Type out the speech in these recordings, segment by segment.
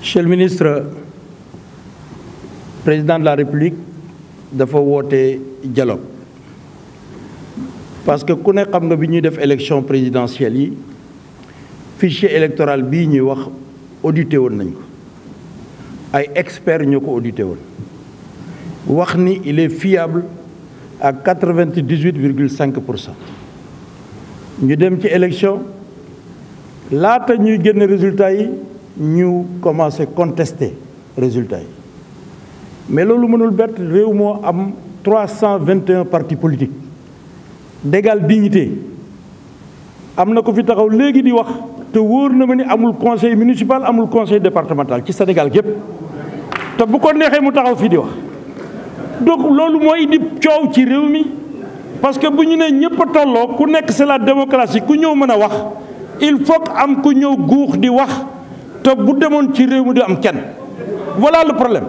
Monsieur le ministre président de la république faut voter dialogue parce que quand nous avons fait l'élection présidentielle le fichier électoral est audité Les experts audité il est fiable à 98,5%. Nous avons fait l'élection. élection résultat ñu commencé contester résultat yi mais loolu mënul bett réew moo am 321 partis politiques dégal dignité am na ko fi taxaw léegi di wax te wóor na ma ni amul conseil municipal amul conseil départemental ci Sénégal gépp te bu ko neexee mu taxaw fii di wax donc loolu mooy di coow ci réew mi parce que bu ñu nee ñëpp a tolloo ku nekk c'est la démocratie ku ñëw mën a wax il faut que am ku ñëw guux di wax te bu demoon ci réew mu di am kenn voilà le problème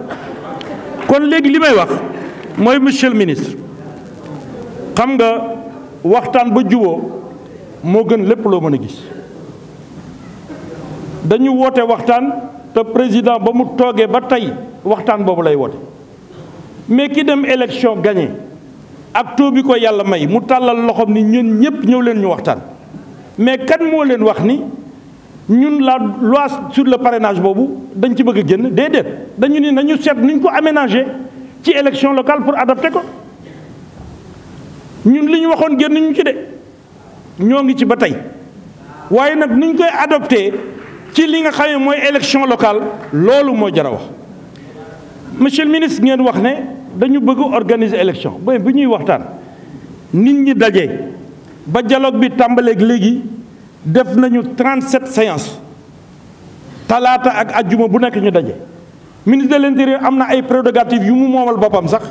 kon léegi li may wax mooy monsieur ministre xam nga waxtaan ba juboo moo gën lépp loo mën a gis dañu woote waxtaan te président ba mu toogee ba tey waxtaan boobu lay woote mais ki dem élection gagné ak taux bi ko yàlla may mu tàllal loxoom ni ñun ñëpp ñëw leen ñu waxtaan mais kan moo leen wax ni ñun la loi sur le parrainage bobu dañ ci bëgg a génn déedéet dañu ni nañu sét nuñ ko aménager ci élection locale pour adapter ko ñun liñ waxon waxoon génn ñu ci dé ñoo ngi ci batay tey nak nag koy adopter ci li nga xamé moy élection locale lolu mo jar wax monsieur le ministre ngeen wax né dañu bëgg organiser élection ba bu ñuy waxtaan nit ñi dajé ba dialogue bi tàmbaleeg légui def nañu 37 séances talaata ak ajjuma bu nekk ñu daje ministre de l'intérieur am na ay prérogatives yu mu moomal boppam sax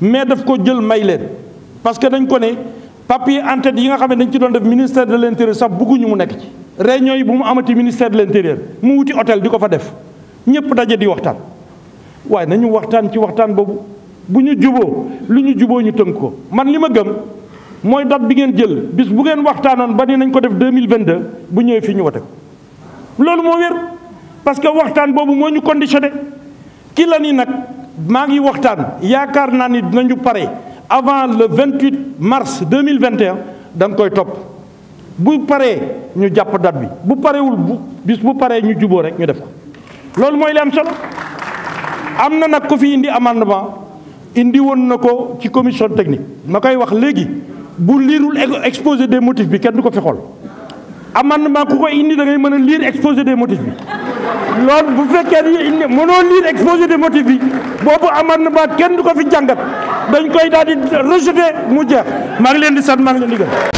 mais def ko jël may leen parce que dañ ko ne papier en yi nga xam ne dañ ci doon def ministère de l'intérieur sax bëgguñu mu nekk ci réunion yi bu mu amati ministère de l'intérieur mu wuti hôtel di ko fa def ñëpp daje di waxtaan waaye nañu waxtaan ci waxtaan boobu bu ñu juboo lu ñu juboo ñu tënk ko man li ma gëm mooy date bi ngeen jël bis bu ngeen waxtaanoon ba ni nañ ko def deux 2022 bu ñëwee fii ñu wote ko loolu moo wér parce que waxtaan boobu moo ñu conditionné ki la ni nag maa ngi waxtaan yaakaar naa ni dinañu pare avant le vingt 28 mars 2021 dañ koy topp bu paree ñu jàpp date bi bu parewul bu bis bu paree ñu juboo rek ñu def ko loolu mooy li am solo am na nag ko fi indi amandement indi woon na ko ci commission technique ma koy wax léegi bu liirul e-, exposé des motifs bi kenn du ko fi xool amendement ku ko indi da ngay mën a lire exposé des motifs bi loolu bu fekkee ni indi mënoo lire exposé des motifs bi boobu amendement kenn du ko fi jàngat dañ koy daal di rejeté mu jeex maa ngi leen di sat maa ngi leen di gërëm